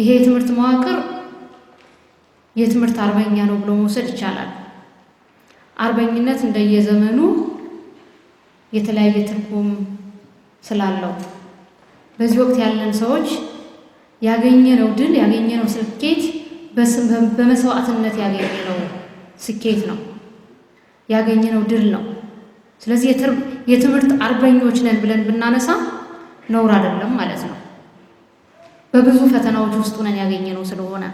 ይሄ የትምህርት መዋቅር የትምህርት አርበኛ ነው ብሎ መውሰድ ይቻላል። አርበኝነት እንደየዘመኑ የተለያየ ትርጉም ስላለው በዚህ ወቅት ያለን ሰዎች ያገኘነው ድል ያገኘነው ስኬት በመስዋዕትነት ያገኘነው ስኬት ነው፣ ያገኘነው ድል ነው። ስለዚህ የትምህርት አርበኞች ነን ብለን ብናነሳ ነውር አይደለም ማለት ነው። በብዙ ፈተናዎች ውስጥ ሆነን ያገኘነው ስለሆነ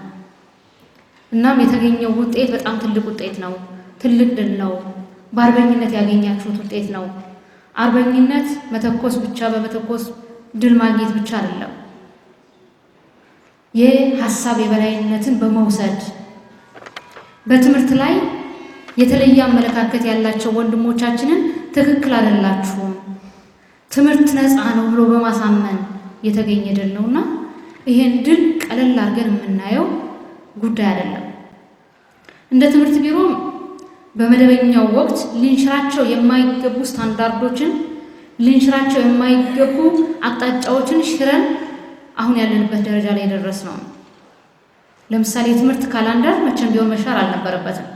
እናም የተገኘው ውጤት በጣም ትልቅ ውጤት ነው። ትልቅ ድል ነው። በአርበኝነት ያገኛችሁት ውጤት ነው። አርበኝነት መተኮስ ብቻ በመተኮስ ድል ማግኘት ብቻ አይደለም። ሀሳብ የበላይነትን በመውሰድ በትምህርት ላይ የተለየ አመለካከት ያላቸው ወንድሞቻችንን ትክክል አይደላችሁም፣ ትምህርት ነፃ ነው ብሎ በማሳመን የተገኘ ድል ነውና ይሄን ድል ቀለል አድርገን የምናየው ጉዳይ አይደለም። እንደ ትምህርት ቢሮ በመደበኛው ወቅት ልንሽራቸው የማይገቡ ስታንዳርዶችን፣ ልንሽራቸው የማይገቡ አቅጣጫዎችን ሽረን አሁን ያለንበት ደረጃ ላይ የደረስ ነው። ለምሳሌ የትምህርት ካላንደር መቼም ቢሆን መሻር አልነበረበትም።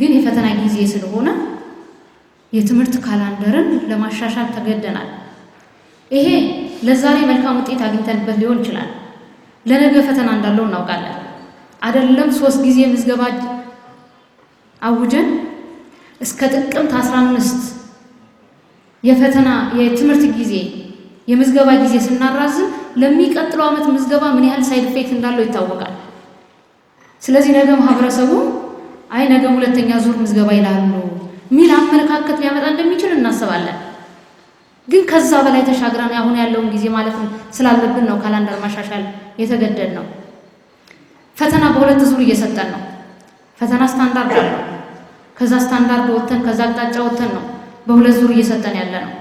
ግን የፈተና ጊዜ ስለሆነ የትምህርት ካላንደርን ለማሻሻል ተገደናል። ይሄ ለዛሬ መልካም ውጤት አግኝተንበት ሊሆን ይችላል። ለነገ ፈተና እንዳለው እናውቃለን። አይደለም ሶስት ጊዜ ምዝገባ አውጀን እስከ ጥቅምት 15 የፈተና የትምህርት ጊዜ የምዝገባ ጊዜ ስናራዝም ለሚቀጥለው ዓመት ምዝገባ ምን ያህል ሳይድ ኢፌክት እንዳለው ይታወቃል። ስለዚህ ነገ ማህበረሰቡ አይ ነገ ሁለተኛ ዙር ምዝገባ ይላሉ ሚል አመለካከት ሊያመጣ እንደሚችል እናስባለን። ግን ከዛ በላይ ተሻግረን አሁን ያለውን ጊዜ ማለት ስላለብን ነው ካላንደር ማሻሻል የተገደድ ነው። ፈተና በሁለት ዙር እየሰጠን ነው። ፈተና ስታንዳርድ አለው። ከዛ ስታንዳርድ ወተን ከዛ አቅጣጫ ወተን ነው በሁለት ዙር እየሰጠን ያለ ነው።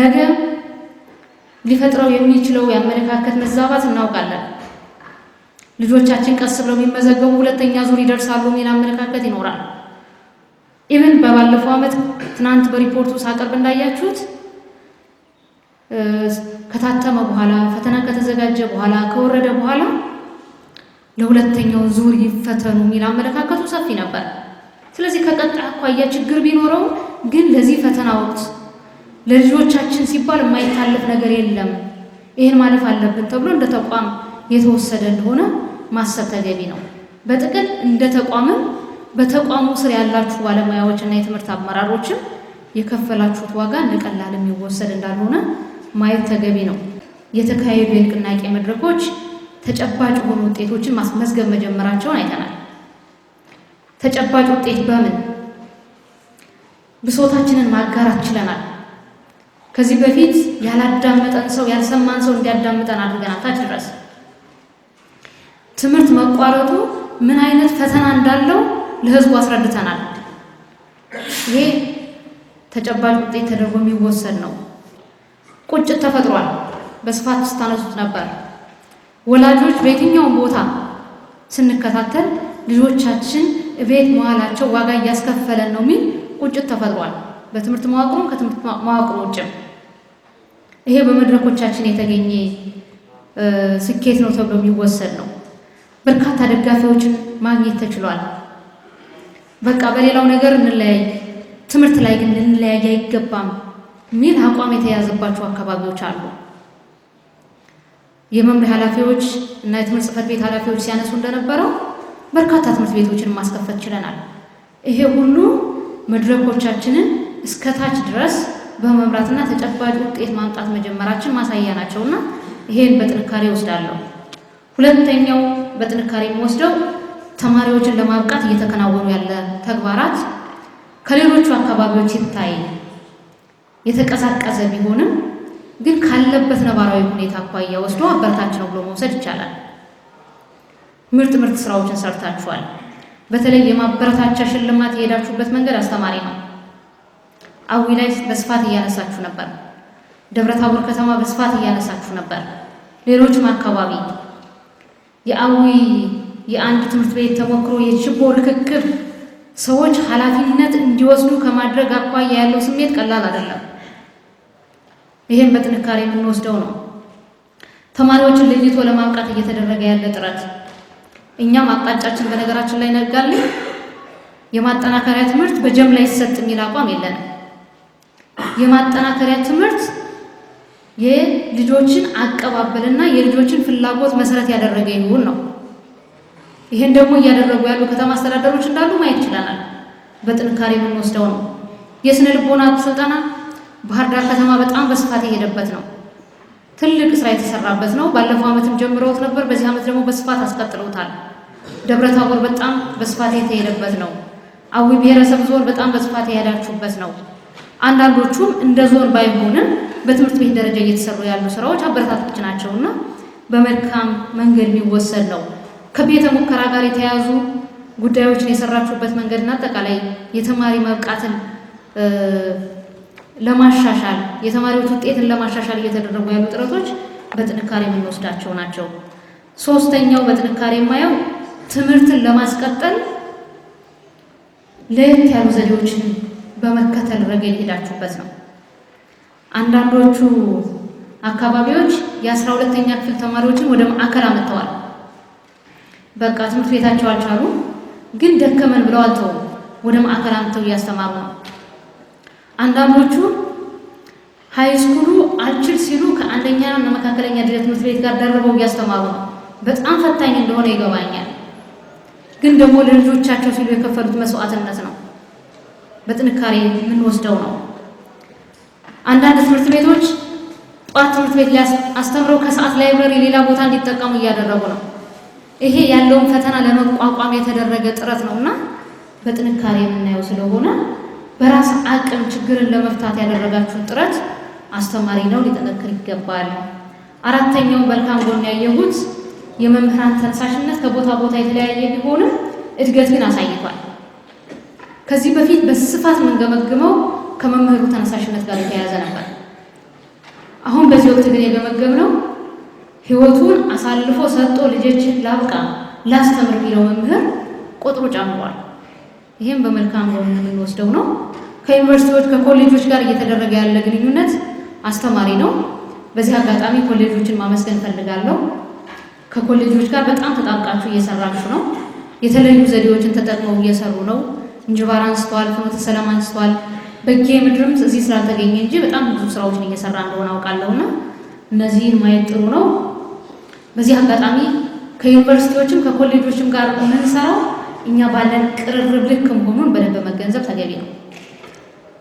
ነገ ሊፈጥረው የሚችለው የአመለካከት መዛባት እናውቃለን። ልጆቻችን ቀስ ብለው የሚመዘገቡ ሁለተኛ ዙር ይደርሳሉ የሚል አመለካከት ይኖራል። ኢቨን በባለፈው ዓመት ትናንት በሪፖርቱ ሳቀርብ እንዳያችሁት ከታተመ በኋላ ፈተና ከተዘጋጀ በኋላ ከወረደ በኋላ ለሁለተኛው ዙር ይፈተኑ የሚል አመለካከቱ ሰፊ ነበር። ስለዚህ ከቀጣ አኳያ ችግር ቢኖረው ግን ለዚህ ፈተና ወቅት ለልጆቻችን ሲባል የማይታለፍ ነገር የለም ይህን ማለፍ አለብን ተብሎ እንደ ተቋም የተወሰደ እንደሆነ ማሰብ ተገቢ ነው። በጥቅል እንደ ተቋምም በተቋሙ ስር ያላችሁ ባለሙያዎች እና የትምህርት አመራሮችን የከፈላችሁት ዋጋ ለቀላል የሚወሰድ እንዳልሆነ ማየት ተገቢ ነው። የተካሄዱ የንቅናቄ መድረኮች ተጨባጭ የሆኑ ውጤቶችን ማስመዝገብ መጀመራቸውን አይተናል። ተጨባጭ ውጤት በምን ብሶታችንን ማጋራት ችለናል። ከዚህ በፊት ያላዳመጠን ሰው ያልሰማን ሰው እንዲያዳምጠን አድርገናል። ታች ድረስ ትምህርት መቋረጡ ምን አይነት ፈተና እንዳለው ለህዝቡ አስረድተናል። ይሄ ተጨባጭ ውጤት ተደርጎ የሚወሰድ ነው። ቁጭት ተፈጥሯል። በስፋት ስታነሱት ነበር። ወላጆች በየትኛውም ቦታ ስንከታተል ልጆቻችን እቤት መዋላቸው ዋጋ እያስከፈለን ነው የሚል ቁጭት ተፈጥሯል። በትምህርት መዋቅሩም ከትምህርት መዋቅሩ ውጭም ይሄ በመድረኮቻችን የተገኘ ስኬት ነው ተብሎ የሚወሰድ ነው። በርካታ ደጋፊዎችን ማግኘት ተችሏል። በቃ በሌላው ነገር እንለያይ፣ ትምህርት ላይ ግን ልንለያይ አይገባም የሚል አቋም የተያዘባቸው አካባቢዎች አሉ። የመምሪያ ኃላፊዎች እና የትምህርት ጽፈት ቤት ኃላፊዎች ሲያነሱ እንደነበረው በርካታ ትምህርት ቤቶችን ማስከፈት ችለናል። ይሄ ሁሉ መድረኮቻችንን እስከታች ድረስ በመምራትና ተጨባጭ ውጤት ማምጣት መጀመራችን ማሳያ ናቸውና ይሄን በጥንካሬ ወስዳለሁ። ሁለተኛው በጥንካሬ የሚወስደው ተማሪዎችን ለማብቃት እየተከናወኑ ያለ ተግባራት ከሌሎቹ አካባቢዎች ሲታይ የተቀሳቀሰ ቢሆንም ግን ካለበት ነባራዊ ሁኔታ አኳያ ወስዶ አበረታች ነው ብሎ መውሰድ ይቻላል። ምርጥ ምርጥ ስራዎችን ሰርታችኋል። በተለይ የማበረታቻ ሽልማት የሄዳችሁበት መንገድ አስተማሪ ነው። አዊ ላይ በስፋት እያነሳችሁ ነበር። ደብረ ታቦር ከተማ በስፋት እያነሳችሁ ነበር። ሌሎችም አካባቢ የአዊ የአንድ ትምህርት ቤት ተሞክሮ የችቦ ልክክል ሰዎች ኃላፊነት እንዲወስዱ ከማድረግ አኳያ ያለው ስሜት ቀላል አይደለም። ይህም በጥንካሬ የምንወስደው ነው። ተማሪዎችን ለይቶ ለማብቃት እየተደረገ ያለ ጥረት እኛም አቅጣጫችን በነገራችን ላይ ነጋልን። የማጠናከሪያ ትምህርት በጀም ላይ ይሰጥ የሚል አቋም የለንም። የማጠናከሪያ ትምህርት የልጆችን አቀባበልና የልጆችን ፍላጎት መሰረት ያደረገ ይሁን ነው። ይሄን ደግሞ እያደረጉ ያሉ ከተማ አስተዳደሮች እንዳሉ ማየት ይችላናል። በጥንካሬ የምንወስደው ነው። የስነ ልቦና ስልጠና ባህር ዳር ከተማ በጣም በስፋት የሄደበት ነው። ትልቅ ስራ የተሰራበት ነው። ባለፈው ዓመትም ጀምረውት ነበር። በዚህ ዓመት ደግሞ በስፋት አስቀጥለውታል። ደብረ ታቦር በጣም በስፋት የተሄደበት ነው። አዊ ብሔረሰብ ዞን በጣም በስፋት የሄዳችሁበት ነው። አንዳንዶቹም እንደ ዞን ባይሆንም በትምህርት ቤት ደረጃ እየተሰሩ ያሉ ስራዎች አበረታቶች ናቸውና በመልካም መንገድ የሚወሰድ ነው። ከቤተ ሙከራ ጋር የተያያዙ ጉዳዮችን የሰራችሁበት መንገድና አጠቃላይ የተማሪ መብቃትን ለማሻሻል የተማሪዎች ውጤትን ለማሻሻል እየተደረጉ ያሉ ጥረቶች በጥንካሬ የምንወስዳቸው ናቸው። ሶስተኛው በጥንካሬ የማየው ትምህርትን ለማስቀጠል ለየት ያሉ ዘዴዎችን በመከተል ረገድ ሄዳችሁበት ነው። አንዳንዶቹ አካባቢዎች የአስራ ሁለተኛ ክፍል ተማሪዎችን ወደ ማዕከል አመጥተዋል። በቃ ትምህርት ቤታቸው አልቻሉ፣ ግን ደከመን ብለው አልተው ወደ ማዕከል አምተው እያስተማሩ ነው። አንዳንዶቹ ሃይስኩሉ አልችል ሲሉ ከአንደኛ እና መካከለኛ ደረጃ ትምህርት ቤት ጋር ደርበው እያስተማሩ ነው። በጣም ፈታኝ እንደሆነ ይገባኛል። ግን ደግሞ ለልጆቻቸው ሲሉ የከፈሉት መስዋዕትነት ነው። በጥንካሬ የምንወስደው ነው። አንዳንድ ትምህርት ቤቶች ጠዋት ትምህርት ቤት ላይ አስተምረው ከሰዓት ላይብረሪ ሌላ ቦታ እንዲጠቀሙ እያደረጉ ነው። ይሄ ያለውን ፈተና ለመቋቋም የተደረገ ጥረት ነው እና በጥንካሬ የምናየው ስለሆነ በራስ አቅም ችግርን ለመፍታት ያደረጋችሁን ጥረት አስተማሪ ነው፣ ሊጠነክር ይገባል። አራተኛው መልካም ጎን ያየሁት የመምህራን ተነሳሽነት ከቦታ ቦታ የተለያየ ቢሆንም እድገት ግን አሳይቷል። ከዚህ በፊት በስፋት የምንገመግመው ከመምህሩ ተነሳሽነት ጋር የተያያዘ ነበር። አሁን በዚህ ወቅት ግን የገመገብ ነው ህይወቱን አሳልፎ ሰጥቶ ልጆችን ላብቃ ላስተምር ቢለው መምህር ቁጥሩ ጨምሯል። ይህም በመልካም ጎን የምንወስደው ነው። ከዩኒቨርሲቲዎች ከኮሌጆች ጋር እየተደረገ ያለ ግንኙነት አስተማሪ ነው። በዚህ አጋጣሚ ኮሌጆችን ማመስገን ፈልጋለሁ። ከኮሌጆች ጋር በጣም ተጣብቃችሁ እየሰራችሁ ነው። የተለያዩ ዘዴዎችን ተጠቅመው እየሰሩ ነው። እንጅባር አንስተዋል፣ ፍኖተ ሰላም አንስተዋል። በጌ ምድርም እዚህ ስላልተገኘ እንጂ በጣም ብዙ ስራዎችን እየሰራ እንደሆነ አውቃለሁና እነዚህን ማየት ጥሩ ነው። በዚህ አጋጣሚ ከዩኒቨርሲቲዎችም ከኮሌጆችም ጋር የምንሰራው እኛ ባለን ቅርርብ ልክ መሆኑን በደንብ መገንዘብ ተገቢ ነው።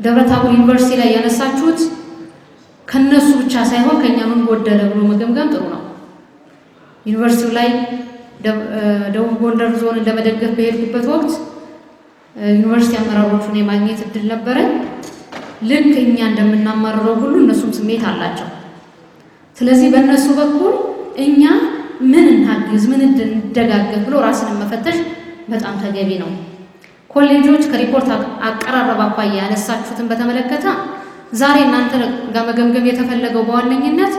ደብረ ታቦር ዩኒቨርሲቲ ላይ ያነሳችሁት ከነሱ ብቻ ሳይሆን ከእኛ ምን ጎደለ ብሎ መገምገም ጥሩ ነው። ዩኒቨርሲቲው ላይ ደቡብ ጎንደር ዞንን ለመደገፍ በሄድኩበት ወቅት ዩኒቨርሲቲ አመራሮቹን የማግኘት እድል ነበረን። ልክ እኛ እንደምናማርረው ሁሉ እነሱም ስሜት አላቸው። ስለዚህ በእነሱ በኩል እኛ ምን እናግዝ፣ ምን እንደጋገፍ ብሎ ራስን መፈተሽ በጣም ተገቢ ነው። ኮሌጆች ከሪፖርት አቀራረብ አኳያ ያነሳችሁትን በተመለከተ ዛሬ እናንተ ጋር መገምገም የተፈለገው በዋነኝነት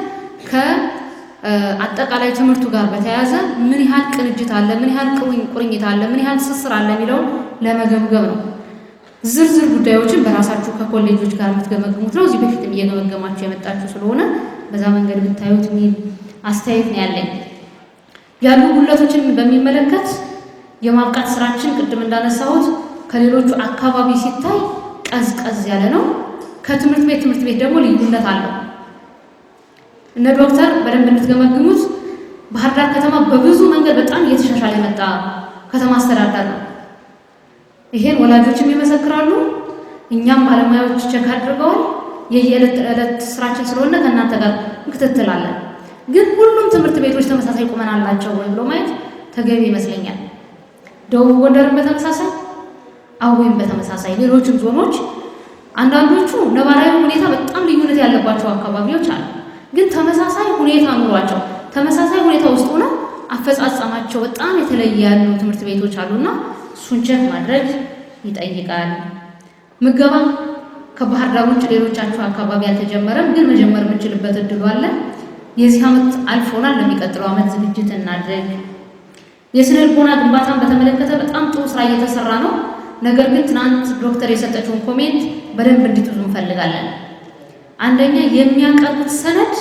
ከአጠቃላይ ትምህርቱ ጋር በተያያዘ ምን ያህል ቅንጅት አለ፣ ምን ያህል ቁርኝት አለ፣ ምን ያህል ትስስር አለ የሚለውን ለመገምገም ነው። ዝርዝር ጉዳዮችን በራሳችሁ ከኮሌጆች ጋር የምትገመግሙት ነው። እዚህ በፊትም እየገመገማችሁ የመጣችሁ ስለሆነ በዛ መንገድ ብታዩት አስተያየት ነው ያለኝ። ያሉ ጉድለቶችን በሚመለከት የማብቃት ስራችን ቅድም እንዳነሳሁት ከሌሎቹ አካባቢ ሲታይ ቀዝቀዝ ያለ ነው። ከትምህርት ቤት ትምህርት ቤት ደግሞ ልዩነት አለው። እነ ዶክተር በደንብ እንድትገመግሙት ባህር ዳር ከተማ በብዙ መንገድ በጣም እየተሻሻለ የመጣ ከተማ አስተዳደር ነው። ይሄን ወላጆችም ይመሰክራሉ፣ እኛም ባለሙያዎች ቸክ አድርገዋል። የየዕለት ዕለት ስራችን ስለሆነ ከእናንተ ጋር እንክትትላለን። ግን ሁሉም ትምህርት ቤቶች ተመሳሳይ ቁመና አላቸው ወይ ብሎ ማየት ተገቢ ይመስለኛል። ደቡብ ጎንደርን በተመሳሳይ አዊም በተመሳሳይ ሌሎችም ዞኖች አንዳንዶቹ ነባራዊ ሁኔታ በጣም ልዩነት ያለባቸው አካባቢዎች አሉ። ግን ተመሳሳይ ሁኔታ ኑሯቸው ተመሳሳይ ሁኔታ ውስጥ ሆነው አፈጻጸማቸው በጣም የተለየ ያሉ ትምህርት ቤቶች አሉና እሱን ቼክ ማድረግ ይጠይቃል። ምገባ ከባህር ዳር ውጭ ሌሎቻቸው አካባቢ አልተጀመረም፣ ግን መጀመር የምንችልበት እድሉ አለን። የዚህ ዓመት አልፎናል፣ ለሚቀጥለው ዓመት ዝግጅት እናድርግ። የስነ ልቦና ግንባታን በተመለከተ በጣም ጥሩ ስራ እየተሰራ ነው። ነገር ግን ትናንት ዶክተር የሰጠችውን ኮሜንት በደንብ እንድትዙ እንፈልጋለን። አንደኛ የሚያቀርቡት ሰነድ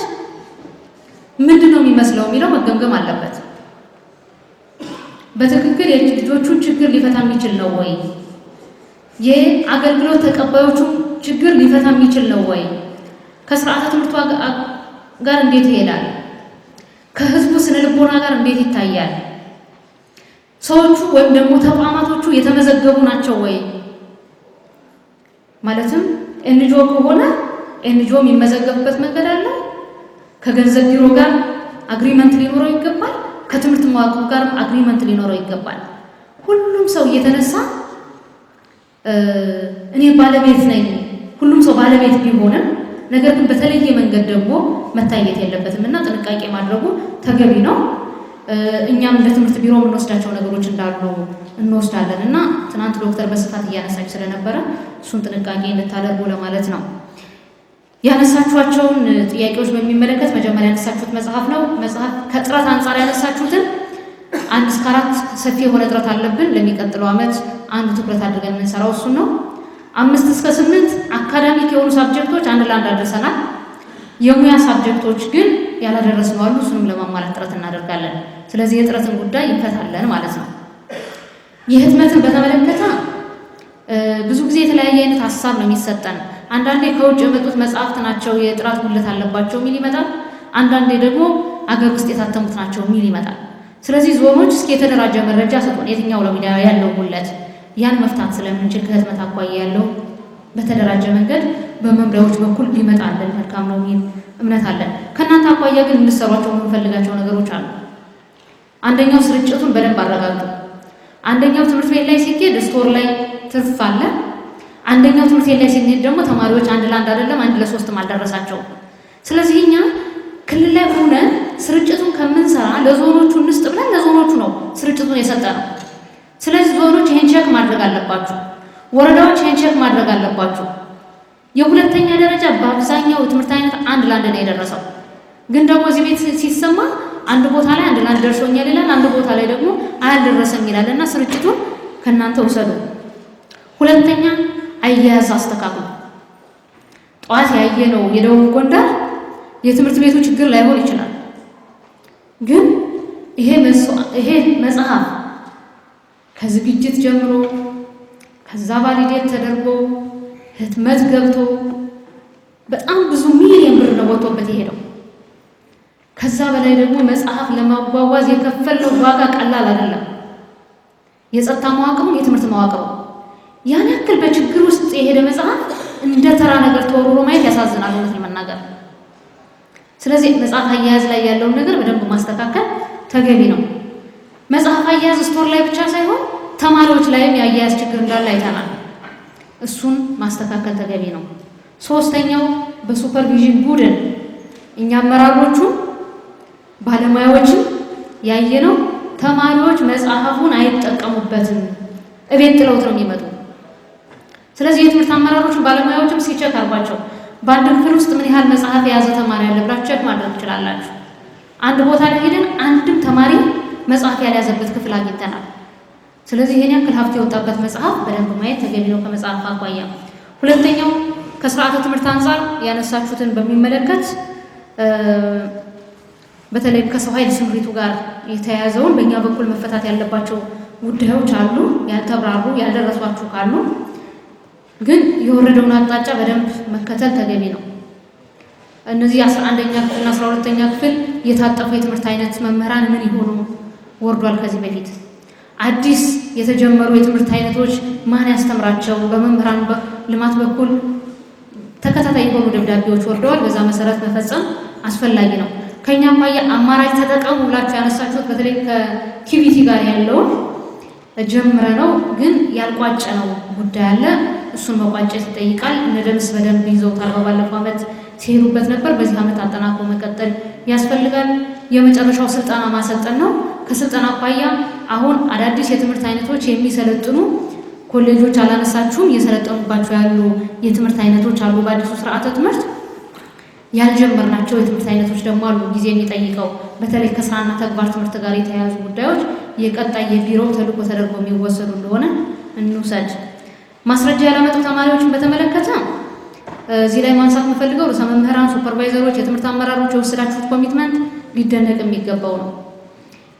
ምንድን ነው የሚመስለው የሚለው መገምገም አለበት። በትክክል የልጆቹን ችግር ሊፈታ የሚችል ነው ወይ? የአገልግሎት ተቀባዮቹ ችግር ሊፈታ የሚችል ነው ወይ? ከስርዓተ ትምህርቱ ጋር እንዴት ይሄዳል? ከህዝቡ ስነልቦና ጋር እንዴት ይታያል? ሰዎቹ ወይም ደግሞ ተቋማቶቹ የተመዘገቡ ናቸው ወይ? ማለትም ኤንጂኦ ከሆነ ኤንጂኦ የሚመዘገብበት መንገድ አለ። ከገንዘብ ቢሮ ጋር አግሪመንት ሊኖረው ይገባል። ከትምህርት መዋቅሩ ጋር አግሪመንት ሊኖረው ይገባል። ሁሉም ሰው እየተነሳ እኔ ባለቤት ነኝ ሁሉም ሰው ባለቤት ቢሆንም ነገር ግን በተለየ መንገድ ደግሞ መታየት የለበትም እና ጥንቃቄ ማድረጉ ተገቢ ነው። እኛም ትምህርት ቢሮ የምንወስዳቸው ነገሮች እንዳሉ እንወስዳለን እና ትናንት ዶክተር በስፋት እያነሳች ስለነበረ እሱን ጥንቃቄ እንድታደርጉ ለማለት ነው። ያነሳችኋቸውን ጥያቄዎች በሚመለከት መጀመሪያ ያነሳችሁት መጽሐፍ ነው። መጽሐፍ ከጥረት አንጻር ያነሳችሁትን አንድ እስከ አራት ሰፊ የሆነ ጥረት አለብን። ለሚቀጥለው ዓመት አንዱ ትኩረት አድርገን የምንሰራው እሱን ነው። አምስት እስከ ስምንት አካዳሚክ የሆኑ ሳብጀክቶች አንድ ለአንድ አድርሰናል። የሙያ ሳብጀክቶች ግን ያላደረስነው አሉ። እሱንም ለማሟላት ጥረት እናደርጋለን። ስለዚህ የጥረትን ጉዳይ ይፈታለን ማለት ነው። የህትመትን በተመለከተ ብዙ ጊዜ የተለያየ አይነት ሀሳብ ነው የሚሰጠን። አንዳንዴ ከውጭ የመጡት መጽሐፍት ናቸው የጥራት ጉድለት አለባቸው የሚል ይመጣል። አንዳንዴ ደግሞ አገር ውስጥ የታተሙት ናቸው የሚል ይመጣል። ስለዚህ ዞኖች እስኪ የተደራጀ መረጃ ሰጡን፣ የትኛው ለሚዲያ ያለው ጉድለት ያን መፍታት ስለምንችል ከህትመት አኳያ ያለው በተደራጀ መንገድ በመምሪያዎች በኩል ሊመጣልን መልካም ነው የሚል እምነት አለን። ከእናንተ አኳያ ግን እንድሰሯቸው የምንፈልጋቸው ነገሮች አሉ። አንደኛው ስርጭቱን በደንብ አረጋግጡ። አንደኛው ትምህርት ቤት ላይ ሲኬድ ስቶር ላይ ትርፍ አለ። አንደኛው ትምህርት ቤት ላይ ሲሄድ ደግሞ ተማሪዎች አንድ ለአንድ አይደለም አንድ ለሶስትም አልደረሳቸውም። ስለዚህ እኛ ክልል ላይ ሆነን ስርጭቱን ከምንሰራ ለዞኖቹ እንስጥ ብለን ለዞኖቹ ነው ስርጭቱን የሰጠ ነው። ስለዚህ ዞኖች ይህን ቼክ ማድረግ አለባችሁ። ወረዳዎች ይህን ቼክ ማድረግ አለባችሁ። የሁለተኛ ደረጃ በአብዛኛው ትምህርት አይነት አንድ ለአንድ ነው የደረሰው። ግን ደግሞ እዚህ ቤት ሲሰማ አንድ ቦታ ላይ አንድ ለአንድ ደርሶኛል ይላል፣ አንድ ቦታ ላይ ደግሞ አያልደረሰም ይላል እና ስርጭቱን ከእናንተ ውሰዱ። ሁለተኛ አያያዝ አስተካክሉ። ጠዋት ያየነው የደቡብ ጎንደር የትምህርት ቤቱ ችግር ላይሆን ይችላል፣ ግን ይሄ መጽሐፍ ከዝግጅት ጀምሮ ከዛ ቫሊዴት ተደርጎ ህትመት ገብቶ በጣም ብዙ ሚሊዮን ብር ነው ወጥቶበት የሄደው። ከዛ በላይ ደግሞ መጽሐፍ ለማጓጓዝ የከፈለው ዋጋ ቀላል አይደለም። የጸጥታ መዋቅሩ፣ የትምህርት መዋቅሩ ያን ያክል በችግር ውስጥ የሄደ መጽሐፍ እንደ ተራ ነገር ተወርሮ ማየት ያሳዝናል፣ እውነት ለመናገር። ስለዚህ መጽሐፍ አያያዝ ላይ ያለውን ነገር በደንብ ማስተካከል ተገቢ ነው። መጽሐፍ አያያዝ ስቶር ላይ ብቻ ሳይሆን ተማሪዎች ላይም የአያያዝ ችግር እንዳለ አይተናል። እሱን ማስተካከል ተገቢ ነው። ሶስተኛው በሱፐርቪዥን ቡድን እኛ አመራሮቹ ባለሙያዎችን ነው ተማሪዎች መጽሐፉን አይጠቀሙበትም፣ እቤት ጥለውት ነው የሚመጡ። ስለዚህ የትምህርት አመራሮቹ ባለሙያዎችም ሲቸክ አርጓቸው በአንድ ክፍል ውስጥ ምን ያህል መጽሐፍ የያዘ ተማሪ አለ ብላችሁ ቸክ ማድረግ ትችላላችሁ። አንድ ቦታ ላይ ሄደን አንድም ተማሪ መጽሐፍ ያልያዘበት ክፍል አግኝተናል። ስለዚህ ይህን ያክል ሀብት የወጣበት መጽሐፍ በደንብ ማየት ተገቢ ነው ከመጽሐፍ አኳያ። ሁለተኛው ከስርዓተ ትምህርት አንጻር ያነሳችሁትን በሚመለከት በተለይም ከሰው ኃይል ስምሪቱ ጋር የተያያዘውን በእኛ በኩል መፈታት ያለባቸው ጉዳዮች አሉ። ያልተብራሩ ያልደረሷችሁ ካሉ ግን የወረደውን አቅጣጫ በደንብ መከተል ተገቢ ነው። እነዚህ አስራ አንደኛ ክፍል እና አስራ ሁለተኛ ክፍል የታጠፉ የትምህርት አይነት መምህራን ምን ይሆኑ ወርዷል። ከዚህ በፊት አዲስ የተጀመሩ የትምህርት አይነቶች ማን ያስተምራቸው? በመምህራን ልማት በኩል ተከታታይ የሆኑ ደብዳቤዎች ወርደዋል። በዛ መሰረት መፈጸም አስፈላጊ ነው። ከኛ ማየ አማራጭ ተጠቀሙ ብላችሁ ያነሳችሁት በተለይ ከኪቪቲ ጋር ያለውን ጀምረ ነው ግን ያልቋጨ ነው ጉዳይ አለ። እሱን መቋጨት ይጠይቃል። እነ ደምስ በደንብ ይዘውታል። በባለፈው ዓመት ሲሄዱበት ነበር። በዚህ ዓመት አጠናክሮ መቀጠል ያስፈልጋል። የመጨረሻው ስልጠና ማሰልጠን ነው። ከስልጠና አኳያ አሁን አዳዲስ የትምህርት አይነቶች የሚሰለጥኑ ኮሌጆች አላነሳችሁም። እየሰለጠኑባቸው ያሉ የትምህርት አይነቶች አሉ። በአዲሱ ስርዓተ ትምህርት ያልጀመርናቸው የትምህርት አይነቶች ደግሞ አሉ፣ ጊዜ የሚጠይቀው በተለይ ከስራና ተግባር ትምህርት ጋር የተያያዙ ጉዳዮች የቀጣይ የቢሮ ተልዕኮ ተደርጎ የሚወሰዱ እንደሆነ እንውሰድ። ማስረጃ ያላመጡ ተማሪዎችን በተመለከተ እዚህ ላይ ማንሳት የምፈልገው ርዕሰ መምህራን፣ ሱፐርቫይዘሮች፣ የትምህርት አመራሮች የወሰዳችሁት ኮሚትመንት ሊደነቅ የሚገባው ነው።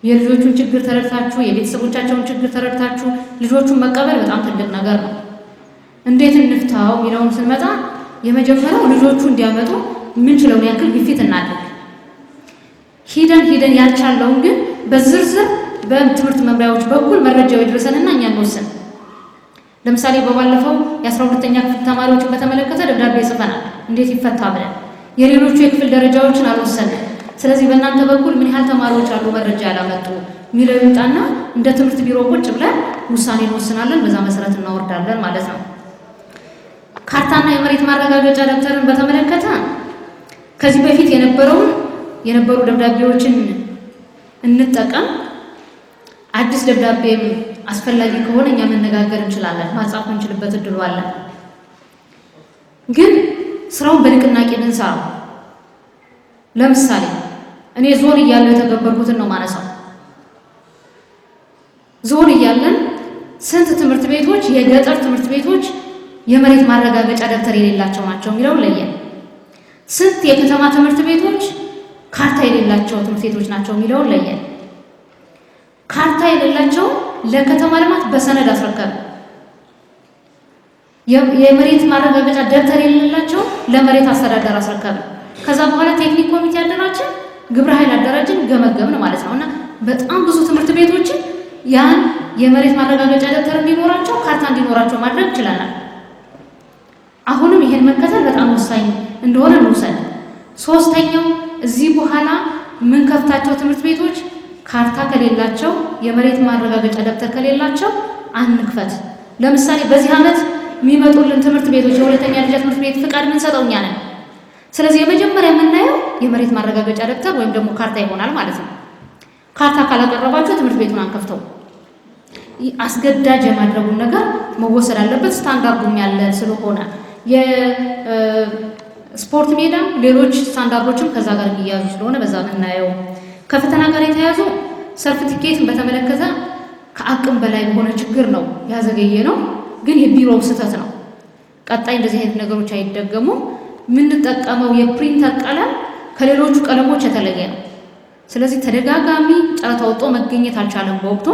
የልጆቹን ችግር ተረድታችሁ፣ የቤተሰቦቻቸውን ችግር ተረድታችሁ ልጆቹን መቀበል በጣም ትልቅ ነገር ነው። እንዴት እንፍታው የሚለውን ስንመጣ የመጀመሪያው ልጆቹ እንዲያመጡ የምንችለውን ያክል ግፊት እናደርግ። ሂደን ሂደን ያልቻለውን ግን በዝርዝር በትምህርት መምሪያዎች በኩል መረጃው ይድረሰንና እኛ እንወስን። ለምሳሌ በባለፈው የአስራ ሁለተኛ ክፍል ተማሪዎችን በተመለከተ ደብዳቤ ጽፈናል፣ እንዴት ይፈታ ብለን የሌሎቹ የክፍል ደረጃዎችን አልወሰንም። ስለዚህ በእናንተ በኩል ምን ያህል ተማሪዎች አሉ መረጃ ያላመጡ የሚለው ይምጣና እንደ ትምህርት ቢሮ ቁጭ ብለን ውሳኔ እንወስናለን። በዛ መሰረት እናወርዳለን ማለት ነው። ካርታና የመሬት ማረጋገጫ ደብተርን በተመለከተ ከዚህ በፊት የነበረውን የነበሩ ደብዳቤዎችን እንጠቀም። አዲስ ደብዳቤ አስፈላጊ ከሆነ እኛ መነጋገር እንችላለን፣ ማጻፍ እንችልበት እድሉ አለ። ግን ስራውን በንቅናቄ ብንሰራው፣ ለምሳሌ እኔ ዞን እያለሁ የተገበርኩትን ነው ማነሳው። ዞን እያለን ስንት ትምህርት ቤቶች የገጠር ትምህርት ቤቶች የመሬት ማረጋገጫ ደብተር የሌላቸው ናቸው የሚለው ለየን። ስንት የከተማ ትምህርት ቤቶች ካርታ የሌላቸው ትምህርት ቤቶች ናቸው የሚለውን ለየን። ካርታ የሌላቸው ለከተማ ልማት በሰነድ አስረከበ። የመሬት ማረጋገጫ ደብተር የሌላቸው ለመሬት አስተዳደር አስረከበ። ከዛ በኋላ ቴክኒክ ኮሚቴ አደራጀን፣ ግብረ ኃይል አደራጀን፣ ገመገምን ማለት ነው እና በጣም ብዙ ትምህርት ቤቶችን ያን የመሬት ማረጋገጫ ደብተር እንዲኖራቸው ካርታ እንዲኖራቸው ማድረግ ችለናል። አሁንም ይሄን መከተል በጣም ወሳኝ እንደሆነ እንውሰድ። ሶስተኛው እዚህ በኋላ ምን ከፍታቸው ትምህርት ቤቶች ካርታ ከሌላቸው የመሬት ማረጋገጫ ደብተር ከሌላቸው አንክፈት። ለምሳሌ በዚህ ዓመት የሚመጡልን ትምህርት ቤቶች የሁለተኛ ደረጃ ትምህርት ቤት ፍቃድ የምንሰጠው እኛ ነን። ስለዚህ የመጀመሪያ የምናየው የመሬት ማረጋገጫ ደብተር ወይም ደግሞ ካርታ ይሆናል ማለት ነው። ካርታ ካላቀረባቸው ትምህርት ቤቱን አንከፍተው። አስገዳጅ የማድረጉን ነገር መወሰድ አለበት። ስታንዳርዱም ያለ ስለሆነ የስፖርት ሜዳ፣ ሌሎች ስታንዳርዶችም ከዛ ጋር እያያዙ ስለሆነ በዛ ምናየው። ከፈተና ጋር የተያያዙ ሰርቲፊኬትን በተመለከተ ከአቅም በላይ በሆነ ችግር ነው ያዘገየ ነው፣ ግን የቢሮው ስህተት ነው። ቀጣይ እንደዚህ አይነት ነገሮች አይደገሙ። የምንጠቀመው የፕሪንተር ቀለም ከሌሎቹ ቀለሞች የተለየ ነው። ስለዚህ ተደጋጋሚ ጨረታ ወጥቶ መገኘት አልቻለም በወቅቱ።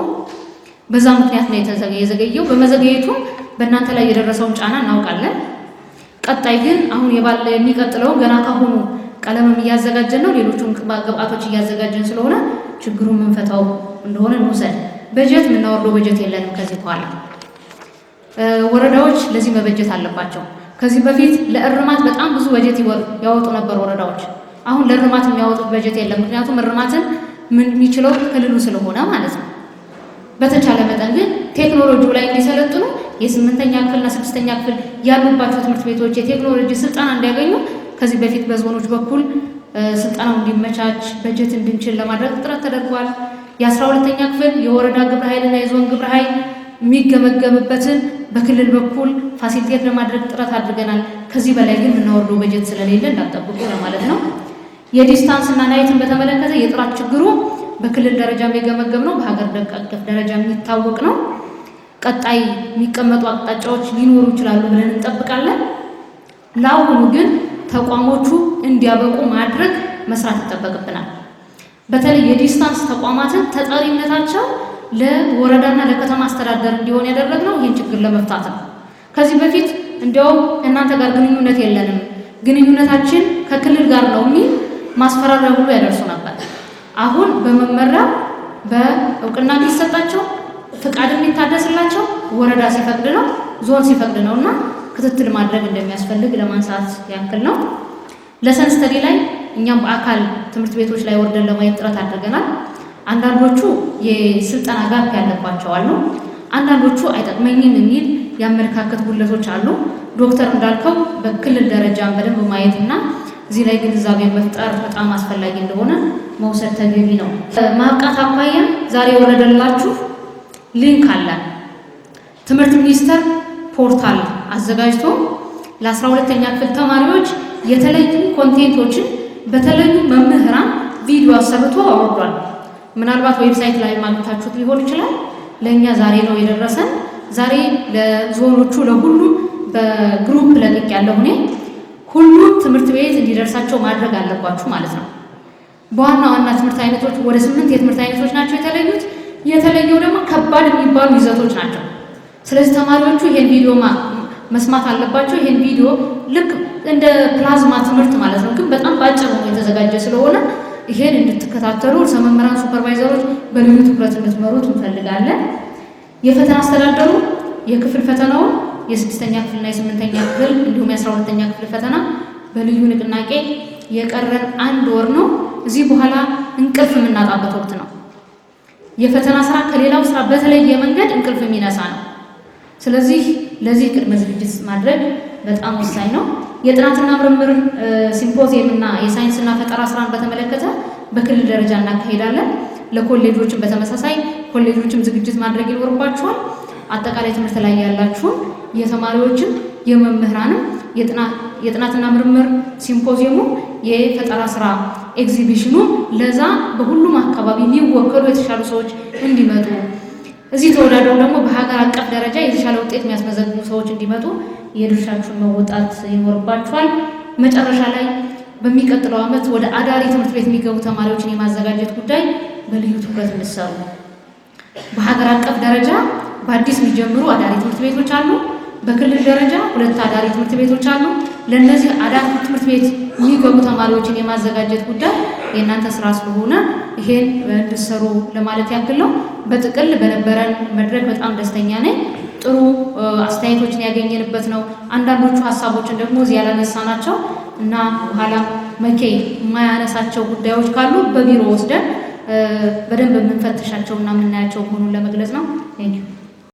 በዛ ምክንያት ነው የዘገየው። በመዘገየቱ በእናንተ ላይ የደረሰውን ጫና እናውቃለን። ቀጣይ ግን አሁን የሚቀጥለው ገና ካሁኑ ቀለምም እያዘጋጀን ነው፣ ሌሎቹም ግብአቶች እያዘጋጀን ስለሆነ ችግሩን የምንፈታው እንደሆነ እንውሰድ። በጀት የምናወርደው በጀት የለንም። ከዚህ በኋላ ወረዳዎች ለዚህ መበጀት አለባቸው። ከዚህ በፊት ለእርማት በጣም ብዙ በጀት ያወጡ ነበር ወረዳዎች። አሁን ለእርማት የሚያወጡት በጀት የለም። ምክንያቱም እርማትን የሚችለው ክልሉ ስለሆነ ማለት ነው። በተቻለ መጠን ግን ቴክኖሎጂው ላይ እንዲሰለጥኑ የስምንተኛ ክፍልና ስድስተኛ ክፍል ያሉባቸው ትምህርት ቤቶች የቴክኖሎጂ ስልጠና እንዲያገኙ ከዚህ በፊት በዞኖች በኩል ስልጠናው እንዲመቻች በጀት እንድንችል ለማድረግ ጥረት ተደርጓል። የአስራ ሁለተኛ ክፍል የወረዳ ግብረ ኃይልና የዞን ግብረ ኃይል የሚገመገምበትን በክልል በኩል ፋሲሊቴት ለማድረግ ጥረት አድርገናል። ከዚህ በላይ ግን የምናወርደው በጀት ስለሌለ እንዳጠብቁ ለማለት ነው። የዲስታንስ እና ናይትን በተመለከተ የጥራት ችግሩ በክልል ደረጃ የሚገመገም ነው፣ በሀገር አቀፍ ደረጃ የሚታወቅ ነው። ቀጣይ የሚቀመጡ አቅጣጫዎች ሊኖሩ ይችላሉ ብለን እንጠብቃለን። ለአሁኑ ግን ተቋሞቹ እንዲያበቁ ማድረግ መስራት ይጠበቅብናል። በተለይ የዲስታንስ ተቋማትን ተጠሪነታቸው ለወረዳና ለከተማ አስተዳደር እንዲሆን ያደረግነው ይህን ችግር ለመፍታት ነው። ከዚህ በፊት እንዲያውም እናንተ ጋር ግንኙነት የለንም፣ ግንኙነታችን ከክልል ጋር ነው የሚል ማስፈራሪያ ሁሉ ያደርሱ ነበር። አሁን በመመሪያ በእውቅና የሚሰጣቸው ፍቃድ የሚታደስላቸው ወረዳ ሲፈቅድ ነው፣ ዞን ሲፈቅድ ነው እና ክትትል ማድረግ እንደሚያስፈልግ ለማንሳት ያክል ነው። ለሰንስተዲ ላይ እኛም በአካል ትምህርት ቤቶች ላይ ወርደን ለማየት ጥረት አድርገናል። አንዳንዶቹ የስልጠና ጋፕ ያለባቸው አሉ። አንዳንዶቹ አይጠቅመኝም የሚል የአመለካከት ጉለቶች አሉ። ዶክተር እንዳልከው በክልል ደረጃ በደንብ ማየት እና እዚህ ላይ ግንዛቤ መፍጠር በጣም አስፈላጊ እንደሆነ መውሰድ ተገቢ ነው። ማብቃት አኳያ ዛሬ የወረደላችሁ ሊንክ አለ። ትምህርት ሚኒስቴር ፖርታል አዘጋጅቶ ለአስራ ሁለተኛ ክፍል ተማሪዎች የተለዩ ኮንቴንቶችን በተለዩ መምህራን ቪዲዮ አሰርቶ አውርዷል። ምናልባት ዌብሳይት ላይ ማግኘታችሁት ሊሆን ይችላል። ለእኛ ዛሬ ነው የደረሰን። ዛሬ ለዞኖቹ ለሁሉም በግሩፕ ለቅቅ ያለው እኔ ሁሉም ትምህርት ቤት እንዲደርሳቸው ማድረግ አለባችሁ ማለት ነው። በዋና ዋና ትምህርት አይነቶች ወደ ስምንት የትምህርት አይነቶች ናቸው የተለዩት። የተለየው ደግሞ ከባድ የሚባሉ ይዘቶች ናቸው። ስለዚህ ተማሪዎቹ ይሄን ቪዲዮ መስማት አለባቸው። ይህን ቪዲዮ ልክ እንደ ፕላዝማ ትምህርት ማለት ነው፣ ግን በጣም በአጭር ነው የተዘጋጀ ስለሆነ ይሄን እንድትከታተሉ እርሰ መምህራን ሱፐርቫይዘሮች በልዩ ትኩረት እንድትመሩት እንፈልጋለን። የፈተና አስተዳደሩ የክፍል ፈተናውን የስድስተኛ ክፍልና የስምንተኛ ክፍል እንዲሁም የአስራ ሁለተኛ ክፍል ፈተና በልዩ ንቅናቄ የቀረን አንድ ወር ነው። እዚህ በኋላ እንቅልፍ የምናጣበት ወቅት ነው። የፈተና ስራ ከሌላው ስራ በተለየ መንገድ እንቅልፍ የሚነሳ ነው። ስለዚህ ለዚህ ቅድመ ዝግጅት ማድረግ በጣም ወሳኝ ነው። የጥናትና ምርምር ሲምፖዚየም እና የሳይንስና ፈጠራ ስራን በተመለከተ በክልል ደረጃ እናካሄዳለን። ለኮሌጆችም በተመሳሳይ ኮሌጆችም ዝግጅት ማድረግ ይኖርባቸዋል። አጠቃላይ ትምህርት ላይ ያላችሁን የተማሪዎችም የመምህራንም የጥናትና ምርምር ሲምፖዚየሙ የፈጠራ ስራ ኤግዚቢሽኑ ለዛ በሁሉም አካባቢ ሊወከሉ የተሻሉ ሰዎች እንዲመጡ እዚህ ተወዳድረው ደግሞ በሀገር አቀፍ ደረጃ የተሻለ ውጤት የሚያስመዘግቡ ሰዎች እንዲመጡ የድርሻችሁን መወጣት ይኖርባችኋል። መጨረሻ ላይ በሚቀጥለው ዓመት ወደ አዳሪ ትምህርት ቤት የሚገቡ ተማሪዎችን የማዘጋጀት ጉዳይ በልዩ ትኩረት እንሰሩ። በሀገር አቀፍ ደረጃ በአዲስ የሚጀምሩ አዳሪ ትምህርት ቤቶች አሉ። በክልል ደረጃ ሁለት አዳሪ ትምህርት ቤቶች አሉ። ለእነዚህ አዳሪ ትምህርት ቤት የሚገቡ ተማሪዎችን የማዘጋጀት ጉዳይ የእናንተ ስራ ስለሆነ ይሄን እንድትሰሩ ለማለት ያክል ነው። በጥቅል በነበረን መድረክ በጣም ደስተኛ ነኝ። ጥሩ አስተያየቶችን ያገኘንበት ነው። አንዳንዶቹ ሀሳቦችን ደግሞ እዚህ ናቸው እና በኋላ መኬ የማያነሳቸው ጉዳዮች ካሉ በቢሮ ወስደን በደንብ የምንፈትሻቸው እና የምናያቸው መሆኑን ለመግለጽ ነው።